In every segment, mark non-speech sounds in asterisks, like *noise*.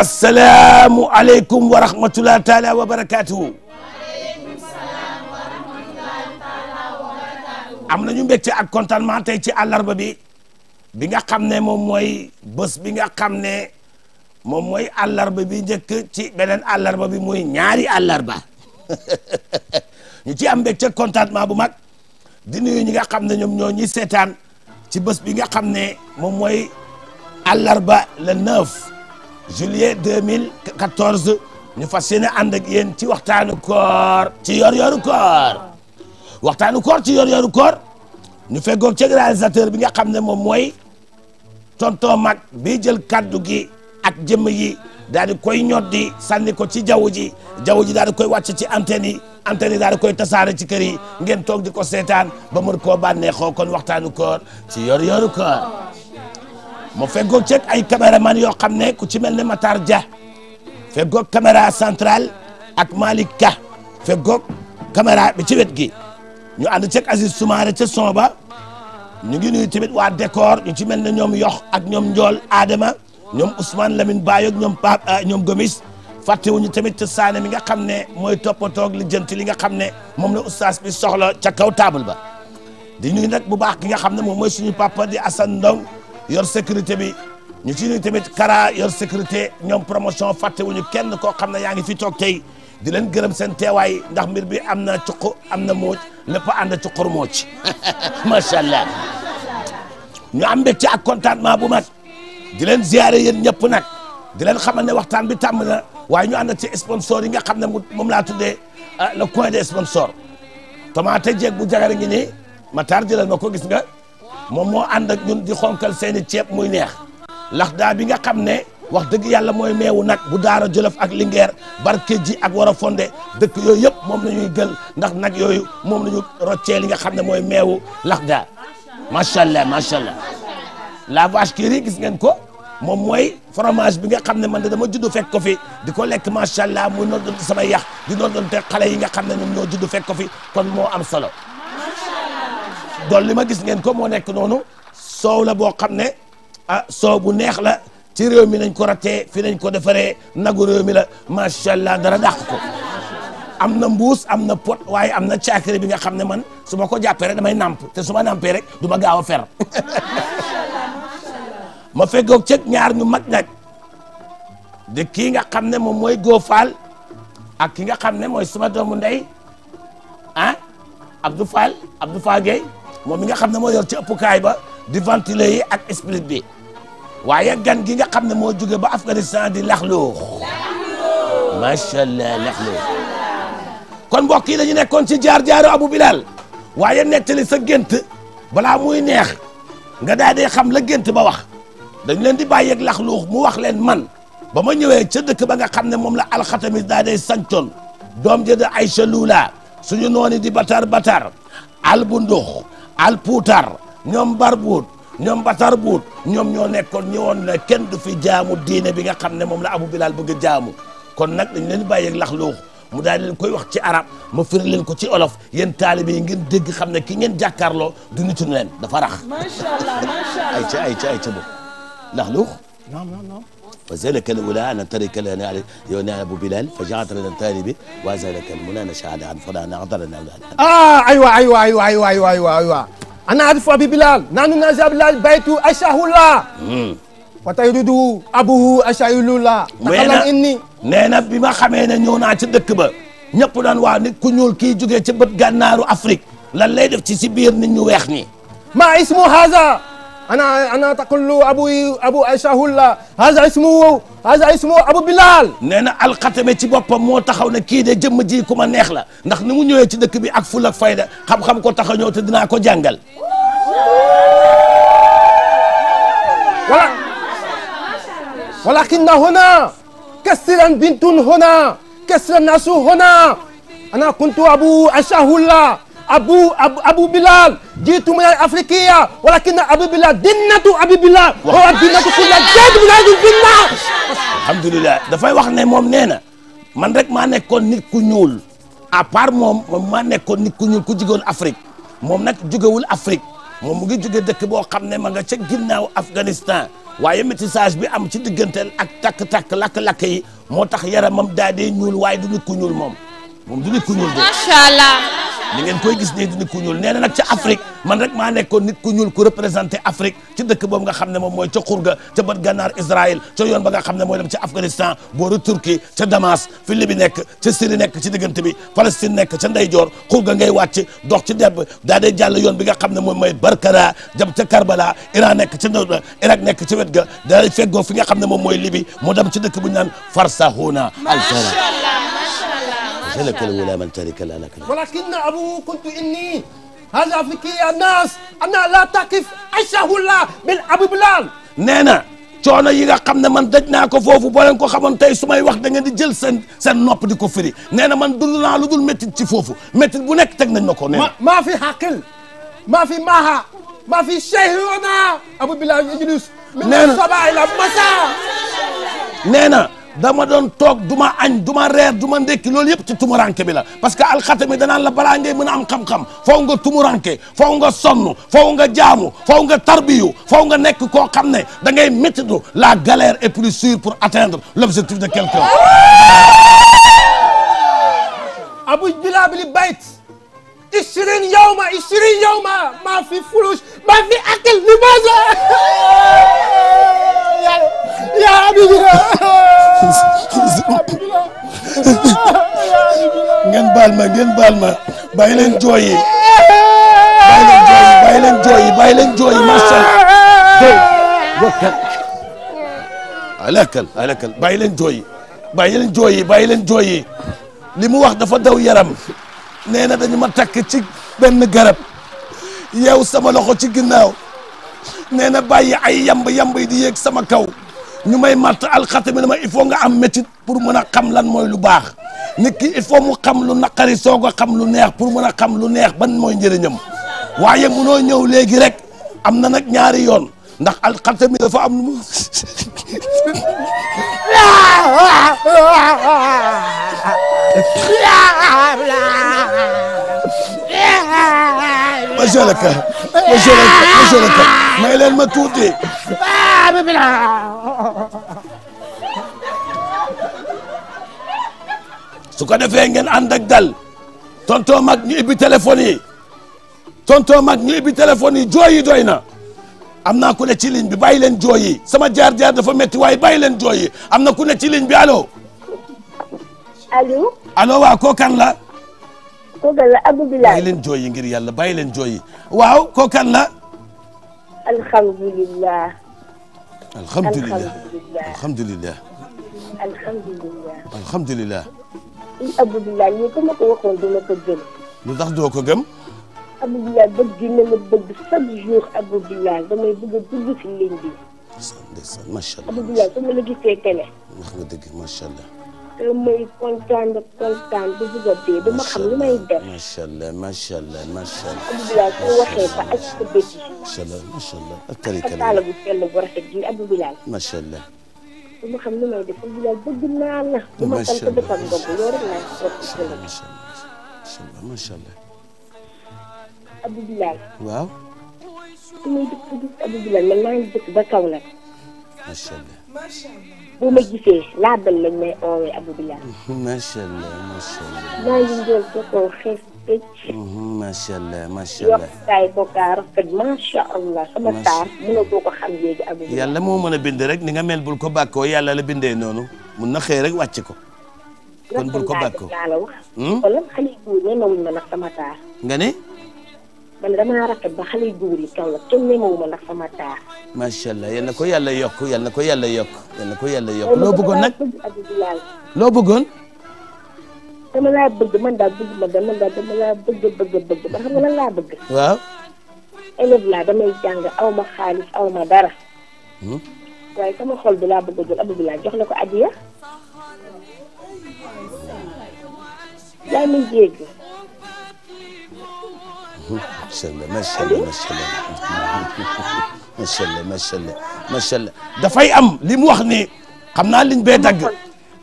asalaamu aleykum wa rahmatulah taalaa wa barakaatu. am nañu mbégte ak contentement tey ci àllarba bi bi nga xam ne moom mooy bés bi nga xam ne moom mooy àllarba bi njëkk ci beneen àllarba bi muy ñaari ba *laughs* ñu ci am mbégte contentement bu mag di nuyu ñi nga xam ne ñoom ñoo ñuy seetaan ci bés bi nga xam ne moom mooy àllarba le neuf. juillet 2014 ñu fas yéene ànd ak yéen ci waxtaanu koor ci yor waxtaanu koor ci yor-yoru koor ñu feggoog ci réalisateur bi nga xam ne moom mooy tonton mag bi jël kaddu gi ak jëmm yi daal di koy ñoddi sànni ko ci jaww ji jaww ji daal di koy wàcc ci antenne yi antenne daal di koy tasaare ci kër yi ngeen toog di ko seetaan ba mën koo bànneexoo kon waxtaanu koor ci yor-yoru koor. ma feggoo ceeg ay caméraman yoo xam ne ku ci mel ne Matar Dia feggoo caméra centrale ak Malick Ka feggoo caméra bi ci wet gi ñu ànd ceeg Aziz Soumaré ca son ba ñu ngi nuyu tamit waa décor ñu ci mel ne ñoom yox ak ñoom njool Adama ñoom Ousmane Lamine Bayo ak ñoom Pape euh, ñoom Gomis fàttewuñu tamit ca saane mi nga xam ne mooy toppatoog li jënti li nga xam ne moom la oustaz bi soxla ca kaw table ba di ñu ngi nag bu baax ki nga xam ne moom mooy suñu papa di Assane Ndong yor sécurité bi ñu ci nuyu tamit Kara yor sécurité ñoom promotion fàttewuñu kenn koo xam ne yaa ngi fi toog tey di leen gërëm seen teewaay ndax mbir bi am na cuq am na mooc lépp ànd ci xur mooc macha allah ñu am mbégte ak contentement bu mag di leen ziare yéen ñëpp nag di leen xamal ne waxtaan bi tàmm na waaye ñu ànd ci sponsor yi nga xam ne moom laa tuddee euh, le coin des sponsors tomate jeeg bu jagar ngi nii ma tar jëlal ma ko gis nga. moom moo ànd ak ñun di xonkal seeni ceeb muy neex laxdaa bi nga xam ne wax dëgg yàlla mooy meewu nag bu daara jolof ak lingeer barkeji ak war fonde dëkk yooyu yëpp moom la ñuy gël ndax nag yooyu moom la ñu roccee li nga xam ne mooy meewu laxdaa macha allah macha allah la vache qui gis ngeen ko moom mooy fromage bi nga xam ne man de dama juddu fekk ko fi di ko lekk macha allah muy noddante sama yax di noddante xale yi nga xam ne ñoom ñoo juddu fekk ko fi kon moo am solo dool li ma gis ngeen ko moo nekk noonu soow la boo xam ne ah soow bu neex la ci réew mi nañ ko rattee fi nañ ko defaree nagu réew mi la macha allah dara dàq ko am na mbuus am na pot waaye am na caakiri bi nga xam ne man su ma ko jàppee rek damay namp te su ma nampee rek du ma gaawa a fer *laughs* ma feggoog cëg ñaar ñu mag nag di kii nga xam ne moom mooy góofaal ak ki nga xam ne mooy suma doomu ndey ah Abdou Fall Abdou Fall Gueye moom mi nga xam ne moo yor ci ëppukaay ba di ventiler yi ak split bi waaye gan gi nga xam ne moo jóge ba Afghanistan di laxloox macha allah laxloox kon mbokk yi dañu nekkoon ci jaar-jaaru Abu bilaal waaye nettali sa gént balaa muy neex nga daal dee xam la gént ba wax dañ leen di bàyyeeg laxloox mu wax leen man ba ma ñëwee ca dëkk ba nga xam ne moom la alxatamis daal dee sancoon doom jëda Aycha Lula suñu nooni di batar batar albundux alpuutar ñoom barbuut ñoom batar buut ñoom ñoo nekkoon ñëwoon ne kenn du fi jaamu diine bi nga xam ne moom la Abu Bilal bëgg jaamu kon nag dañ leen bàyyi ak lax mu daal leen koy wax ci arab ma firi leen ko ci olof yéen taalibe yi ngeen dégg xam ne kii ngeen jàkkaarloo du nitu leen dafa rax. macha ay ca ay ca ay وزلك الأولى أن ترك لنا يوني أبو بلال فجعت لنا الثاني وزلك المنى نشهد عن فلان أعضلنا آه أيوة أيوة أيوة أيوة أيوة أيوة, أيوة. أنا أعرف أبي بلال نحن نازع بلال بيت أشه الله وتيرده أبوه أشعيل الله تقلم إني nee na bi ma xamee ne ñëw naa ci dëkk ba ñëpp daan waa nit ku ñuul kii jógee ci bët gànnaaru Afrique lan lay def ci si biir nit ñu weex ñi ma ismu haza ana ana taqullu abu abu aishahullah haza ismu haza ismu abu bilal nee na alxatame ci boppam moo taxaw ne kii de jëmm ji ku ma neex la ndax ni mu ñëwee ci dëkk bi ak ful ak fayda xam-xam ko tax a ñëw te dinaa ko jàngal wala walakinna huna kasiran bintun huna kasiran nasu huna ana kuntu abu aishahullah abu abu abu bilal jiitu min al afrikiya walakina abu bilal dinnatu abi bilal wa dinnatu kulla jaddu bilal binna alhamdulilah dafay wax ne moom nee na man rek maa nekkoon nit ku ñuul à part moom moom maa nekkoon nit ku ñuul ku jigoon Afrique moom nag jugewul Afrique moom mu ngi jóge dëkk boo xam ne ma nga ca ginnaaw Afghanistan waaye métissage bi am ci digganteel ak takk-takk lakk-lakk moo tax yaramam daa dee ñuul waaye du nit ku ñuul moom moom du ni ngeen koy gis nii di nit ku ñuul nee na nag ca Afrique man rek maa nekkoon nit ku ñuul ku représenté Afrique ci dëkk boobu nga xam ne moom mooy ca xurga ca bët gànnaar Israël ca ba nga xam ne mooy dem ca Afghanistan booru Turquie ca Damas fi Libi nekk ca Syrie nekk ci diggante bi Palestine nekk ca ndeyjoor xurga ngay wàcc dox ci debb daa day jàll yoon bi nga xam ne moom mooy Barkara jëm ca Karbala Iran nekk ca ndeyjoor Irak nekk ca wet ga daa lay fi nga xam ne moom mooy Libi mu dem ci dëkk bu ñu naan Farsahuna al سلك الولا من ترك الألك ولكن أبوه كنت إني هذا فيك يا ناس أنا لا تقف أشه الله من أبو بلال nee na coono yi nga xam ne man daj naa ko foofu boo leen ko xamoon tey su may wax da ngeen di jël seen seen nopp di ko firi nee na man dund naa lu dul métti ci foofu métti bu nekk teg nañ ma ko nee na maa fi xaqil maa fi maaha maa fi cheikhuna Abou Bilal Idriss nee na sobaay la masa nee na dama doon toog du ma añ du reer du ma ndekki loolu yëpp ci tumuranke bi la parce que alxatami danaan la balaa ngay mën a xam-xam faw nga tumuranke faw nga sonn faw nga jaamu faw nga tarbiyu faw nga nekk koo xam ne da ngay la galère est plus sûre pour atteindre l'objectif de quelqu'un abuj bilaa bili bayt ishirin yawma ishirin yawma maa fi furuj maa fi akil li ma la yaa Habibie ngeen baal ma ngeen baal ma bàyyi leen jooy yi bàyyi leen jooy yi bàyyi leen jooy yi bàyyi leen jooy yi macha allah alakal alakal bàyyi leen jooy yi bàyyi leen jooy yi bàyyi leen jooy yi li mu wax dafa daw yaram. nee na dañu ma takk ci benn garab yeew sama loxo ci ginnaaw nee na bàyyi ay yamba yamba yi di yéeg sama kaw ñu may matt alxatami ne ma il nga am métit pour mën a xam lan mooy lu baax nit ki il faut mu xam lu naqari soog a xam lu neex pour mën a xam lu neex ban mooy njëriñam waaye munoo ñëw léegi rek am na nag ñaari yoon ndax alxatami dafa am lu *laughs* *laughs* macha allah kay macha leen ma tuuti. su ko defee ngeen ànd ak dal tonton mag ñu ibbi téléphone yi tonton mag ñu ibbi téléphone yi jooy yi doy na am naa ku ne ci ligne bi bàyyi leen jooy yi sama jaar jaar dafa métti waaye bàyyi leen jooy am na ku ne ci ligne bi allo. allo. allo waaw koo kan la. kooku la Abdou Bilal. bàyyi leen jooyi ngir yàlla bàyyi leen jooyi waaw koo kan la. alhamdulilah. alhamdulilah alhamdulilah. alhamdulilah. alhamdulilah. i Abdou Bilal lii ku ma ko waxoon dina ko gëm. lu tax doo ko gëm. Abdou Bilal bëgg na la bëgg chaque jour Abdou Bilal damay bëgg a dugg si ligne bi. ndeysaan macha allah Abdou Bilal su ma la gisee télé. wax nga dëgg macha allah. te euh, may kontaan ba kontaan ba bëgg a dee dama xam lu may def. macha allah macha allah macha allah. alhamdulilah soo waxee ba ak sa bët yi. macha allah macha allah ak kari kari. ak bu sell bu rafet bi alhamdulilah. macha allah. dama xam lu may def alhamdulilah bëgg naa la. macha allah dama sant ba loolu rek laa si la. macha allah macha allah. alhamdulilah. waaw. su ma dëkk bu gis alhamdulilah man maa ngi dëkk ba kaw la. macha allah macha allah. bu ma gisee allah macha allah. maa allah macha allah yokk allah. sama taar mënatoo ko xam léegi Aboubilal. moo mën a bind rek ni nga mel bul ko bàkkoo yàlla la bindee noonu mun na xëy rek wàcc ko. kon bul ko bàkkoo rafet naa la wax. Hmm? xoolal xale yu góor ma nag sama taar. nga ne. man damaa rafet ba xale yu góor yi kaw la kenn ñemewu ma ndax sama taar. macha allah yal na ko yàlla yokk yal na ko yàlla yokk yal na ko yàlla yokk. loo bëggoon nag loo bëggoon. dama laa bëgg man daal bëgg ma dama daal dama laa bëgg bëgg bëgg ba xam nga lan laa bëgg. waaw. élève laa damay jàng aw ma xaalis aw ma dara. Hmm? waaye sama xol bi laa bëgg a jël Abdoulaye jox la ko adiya. yaa ngi jéggi. macha allah macha allah macha allah macha allah macha allah macha allah dafay am li mu wax ni xam naa liñ bee dagg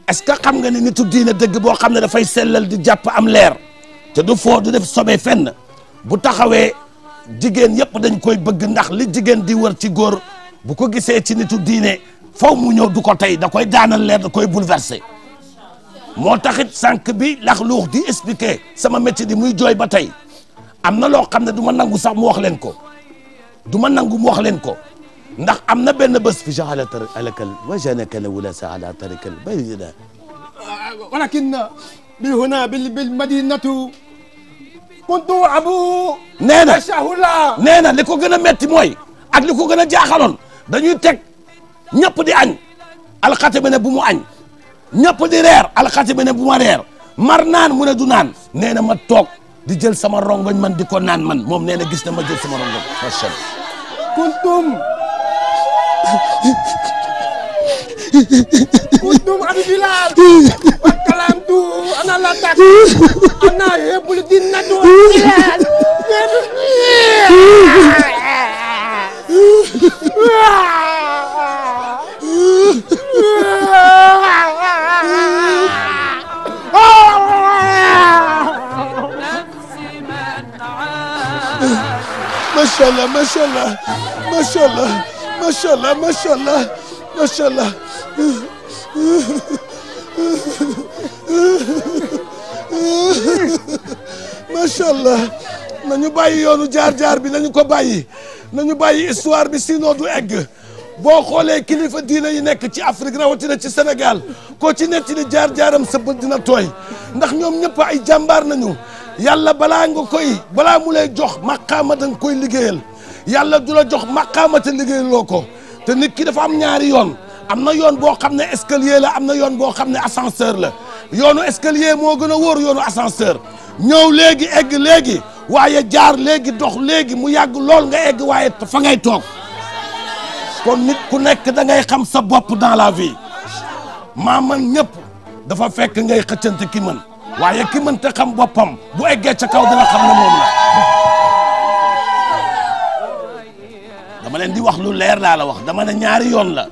est que xam nga ni nitu diine dëgg boo xam ne dafay sellal di jàpp am leer te du foo du def sobe fenn bu taxawee jigéen yëpp dañ koy bëgg ndax li jigéen di wër ci góor bu ko gisee ci nitu diine fow mu ñëw du ko tey da koy daanal leer da koy bouleversé moo taxit sànq bi lax luux di expliqué sama métier di muy jooy ba tey am na loo xam ne du ma nangu sax mu wax leen ko du ma nangu mu wax leen ko ndax am na benn bés fi jaala alakal wajanaka la wula sa ala tarikal bayina walakin bi huna bil bil madinatu kuntu abu nee na shahula nee li ko gën a metti mooy ak li ko gën a jaaxaloon dañuy teg ñëpp di añ alxatiba ne bu mu añ ñëpp di reer alxatiba ne bu ma reer mar naan mu ne du naan nee na ma toog di jël sama rongoñ man di ko naan man moom nee na gis na ma rongoñ macha allah kuntum kuntum abi bilal wa kalam ana la tak ana yebul dinna du bilal Ah! macha allah macha allah macha allah macha allah macha allah bàyyi yoonu jaar-jaar bi nañu ko bàyyi nañu bàyyi histoire bi sinon du egg boo xoolee kilifa diina yi nekk ci Afrique rawatina ci Sénégal ko ci netti li jaar-jaaram sa bët dina tooy ndax ñoom ñëpp ay jàmbaar nañu. yàlla balaa nga koy balaa mu lay jox maqaama da nga koy liggéeyal yàlla du la jox maqaama te liggéeyaloo ko te nit ki dafa am ñaari yoon am na yoon boo xam ne escalier la am na yoon boo xam ne ascenseur la yoonu escalier moo gën a wóor yoonu ascenseur ñëw léegi egg léegi waaye jaar léegi dox léegi mu yàgg lool nga egg waaye fa ngay toog kon nit ku nekk da ngay xam sa bopp dans la vie maa man ñëpp dafa fekk ngay xëccante ki mën waaye ki mënta xam boppam bu eggee ca kaw dina xam na moom la dama leen di wax lu leer laa la wax dama ne ñaari yoon la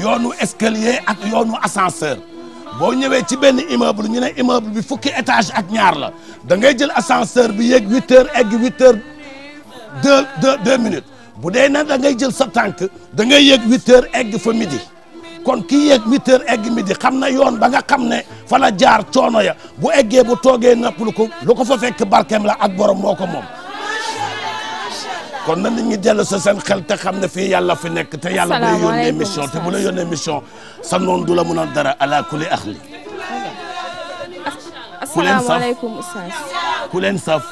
yoonu escalier ak yoonu ascenseur boo ñëwee ci benn immeuble ñu ne immeuble bi fukki étage ak ñaar la dangay jël ascenseur bi yéeg huit heures egg huit heures deux deux deux minutes bu dee na da ngay jël sa tànk da ngay yéeg huit heures egg fa midi kon kii yeeg huit heures egg midi xam na yoon ba nga xam ne fa la jaar coono ya bu eggee bu toogee nappalu ko lu ko fa fekk barkeem la ak borom moo ko moom kon na nit ñi dellu sa seen xel te xam ne fi yàlla fi nekk te yàlla bu la yónnee mission te bu la yónnee mission sa noon du la mën a dara ala kuli kuleen ku leen saf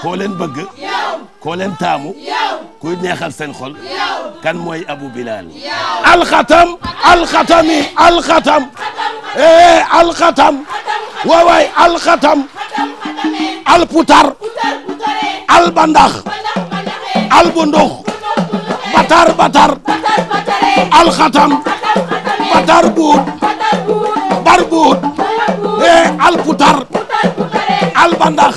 ku bëgg koo leen taamu kuy neexal seen xol kan mooy Abu Bilal alxatam alxatami alxatam eh alxatam waawaay alxatam alputar albandax eh. albundux eh. batar batar alxatam eh. batar buut barbuut eh alputar albandax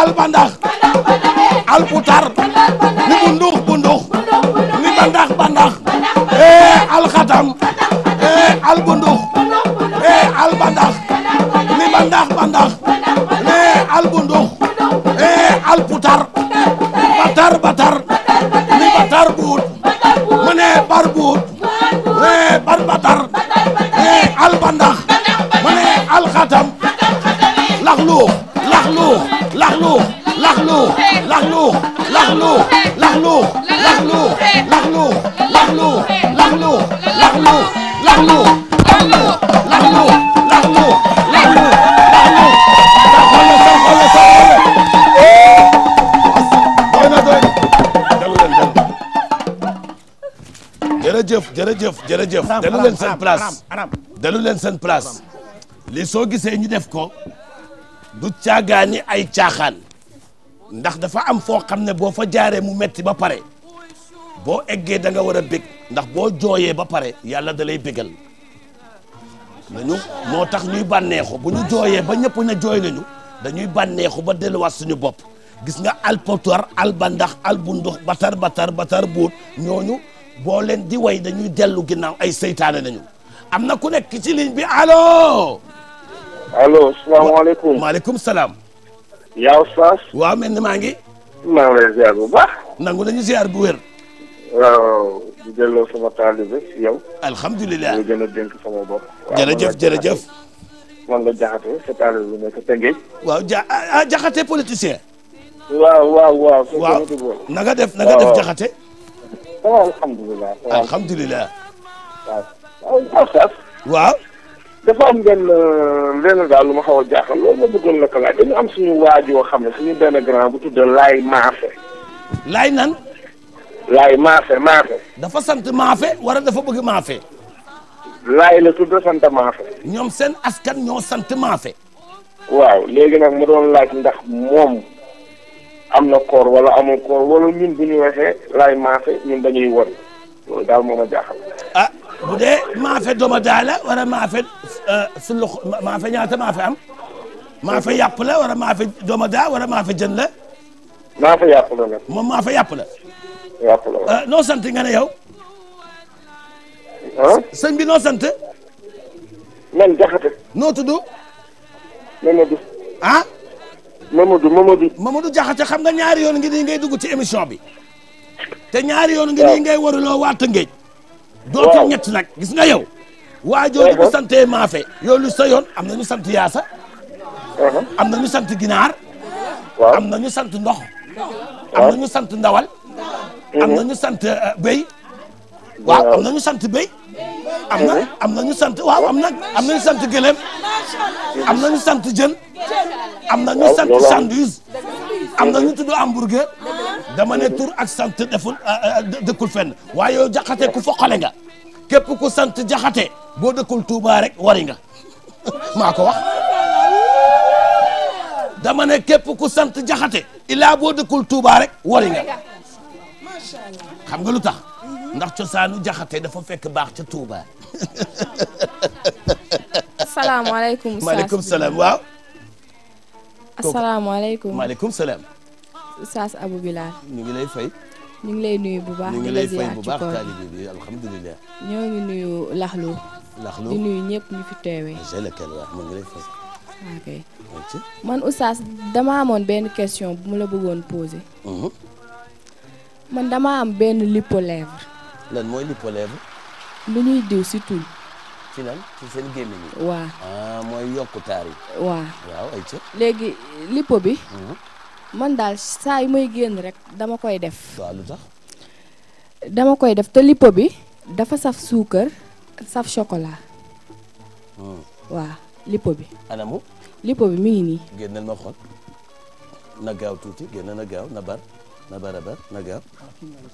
al bandax al putar ni bundux bundux ni bandax bandax ee al xatam ee al bundux ee al bandax ni bandax bandax jërëjëf jërëjëf jërëjëf dalu leen seen place dalu leen seen place li soo gisee ñu def ko du caagaani ay caaxaan ndax dafa am foo xam ne boo fa jaaree mu metti ba pare boo eggee da nga war a bég ndax boo jooyee ba pare yàlla da lay bégal nañu moo tax ñuy bànneexu bu ñu jooyee ba ñëpp na jooy nañu dañuy bànneexu ba delluwaat suñu bopp gis nga alpotoir albandax albundux batar batar batar buut ñooñu boo leen di way dañuy dellu ginnaaw ay seytaane nañu am na ku nekk ci ligne bi allo. allo salaamaaleykum maaleykum salaam. yaa Oustaz. waaw mel ni maa ngi. bu baax. nangu nañu ziar bu wér. waaw di delloo yow. alhamdulilah a dénk sama bopp. jërëjëf jërëjëf. man la jaxate sa bi nekk Tëngéej. waaw ja ah, ah jaxate politicien. waaw waaw waaw. waaw def na def jaxate. waaw alhamdulilah. alhamdulilah. waaw Oustaz. waaw. dafa am benn lenn euh, daal lu ma xaw a jaaxal loolu ma bëggoon la ko laaj dañu am suñu waaj yoo xam ne suñu benn grand bu tudd Laay Maafe. Laay nan. Laay Maafe Maafe. dafa sant Maafe wala dafa bëgg Maafe. Laay la tudd sant Maafe. ñoom seen askan ñoo sant Maafe. waaw léegi nag mu doon laaj ndax moom am na koor wala amul koor wala ñun bu ñu waxee laay maafe ñun dañuy won loolu daal moo ma jaaxal. ah bu dee maafe doomu daal la wala maafe euh, su lu maafe ñaata maafe am. maafe yàpp la wala maafe doomu daal maafe jën la. maafe yàpp la moom maafe yàpp la. Euh, noo sant nga ne yow. ah sëñ bi noo sant. man jaxate. noo tudd. Mamadou. ah. Mamadou Mamadou. Mamadou Diakhaté xam nga ñaari yoon ngi nii ngay dugg ci émission bi. te ñaari yoon ngi nii ngay waruloo waa Tëngéej. waaw doo ñett nag gis nga yow. waa jooju bu sante maafe. yow lu sa yoon am na ñu sant yaasa. Uh-huh. am na ñu sant ginaar. waaw am na ñu sant ndox. am na ñu sant ndawal. am na mm-hmm. ñu sant euh, béy. waaw am na ñu sant béy. am na am na ñu sant waaw am na am na ñu sant gëlëm am na ñu sant am na sant sandwich am na ñu tudd hamburger dama ne tur ak sant deful euh, euh, dëkkul fenn waaye yow jaxate ku foqale nga képp ku sant jaxate boo dëkkul Touba rek wari nga *laughs* maa ko wax dama ne képp ku sant jaxate illaa boo dëkkul tuuba rek wari nga xam nga lu tax ndax cosaan cosaanu jaxate dafa fekk baax ca tuubaa *laughs* asalaamaaleykum. maaleykum salaam waaw. asalaamaaleykum maaleykum salaam. Oustaz Abou Bilal. ñu ngi lay fay. ñu ngi lay nuyu bu baax. ñu ngi lay fay bu baax taalibe bi alhamdulilah. ñoo ngi nuyu laxlu. laxlu di nuyu ñëpp ñu fi teewee. mu ngi lay fay. ok man Oustaz dama amoon benn question bu mu la bëggoon poser. Mhm. man dama benn lipo lèvre. lan mooy lipolèvre lu ñuy diw si tuñ ci lan ci seen génn yi waaw ah mooy yokku taar yi waaw léegi lipo bi hmm. man daal saa yu mooy génn rek dama koy def waaw lu dama koy def te lipo bi dafa saf suukar saf chocolat hmm. waaw lippo bi anamu lipo bi mu ngi nii génnal ma xool na gaaw tuuti génn na gaaw na bar نبربر نجا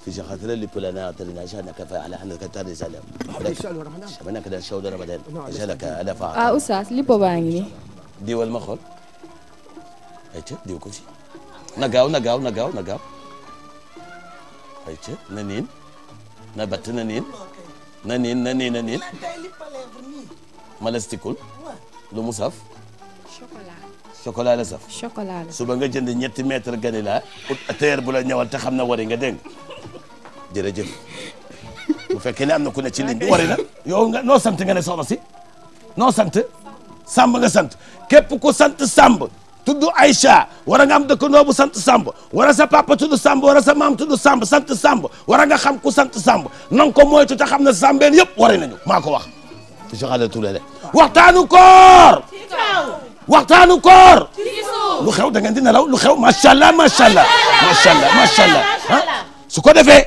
في شخاطر اللي بلا ناطر نجا نكفى على حنا كتر زلم شبنا كده شو ده رمضان جلك على فاعل اه استاذ لي بابا عندي دي والمخل هيك دي وكل شيء نجاو نجاو نجاو نجاو هيك ننين نبت ننين ننين ننين ننين ما لستيكل لو مصاف chocolat la saf. chocolat la suba nga jënd ñetti mètre ganila ut teer bu la ñëwal te na wari nga dégg jërëjëf bu fekkee ne am na ku ne ci ligne bi wari na. yow nga noo sant nga ne soxna si noo sant Samb nga sant képp ku sant Samb. tudd Aïcha wara nga am dëkkandoo bu sant Samb wara sa papa tudd Samb wara sa maam tudd Samb sant Samb wara nga xam ku sant Samb na ko moytu te xam na Sambeen yëpp wari nañu maa ko wax. je xale tout le waxtaanu koor. waxtaanu koor lu xew da ngeen di nelaw lu xew macha allah macha allah macha allah macha allah ah su ko defee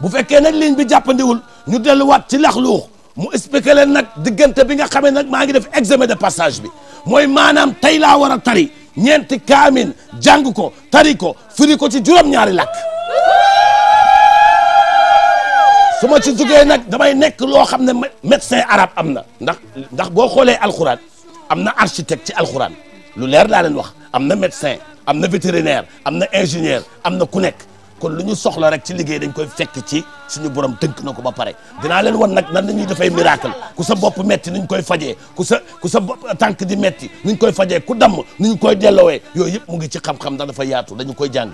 bu fekkee nag ligne bi jàppandiwul ñu delluwaat ci lax luux mu expliqué leen nag diggante bi nga xamee nag maa ngi def examen de passage bi mooy maanaam tey laa war a tari ñeenti kaamin jàng ko tari ko firi ko ci juróom-ñaari làkk su ma ci jugee nag damay nekk loo xam ne médecin arabe am na ndax ndax boo xoolee alxuraan. am na architecte ci alxuraan lu leer laa leen wax am na médecin am na vétérinaire am na ingénieur am na ku nekk kon lu ñu soxla rek ci liggéey dañ koy fekk ci suñu borom tënk na ko ba pare dinaa leen wan nag nan la ñuy dafay miracle ku sa bopp metti nuñ koy fajee ku sa ku sa tànk di metti nuñ koy fajee ku damm ñu koy delloowee yooyu yëpp mu ngi ci xam-xam ndax dafa yaatu dañu koy jàng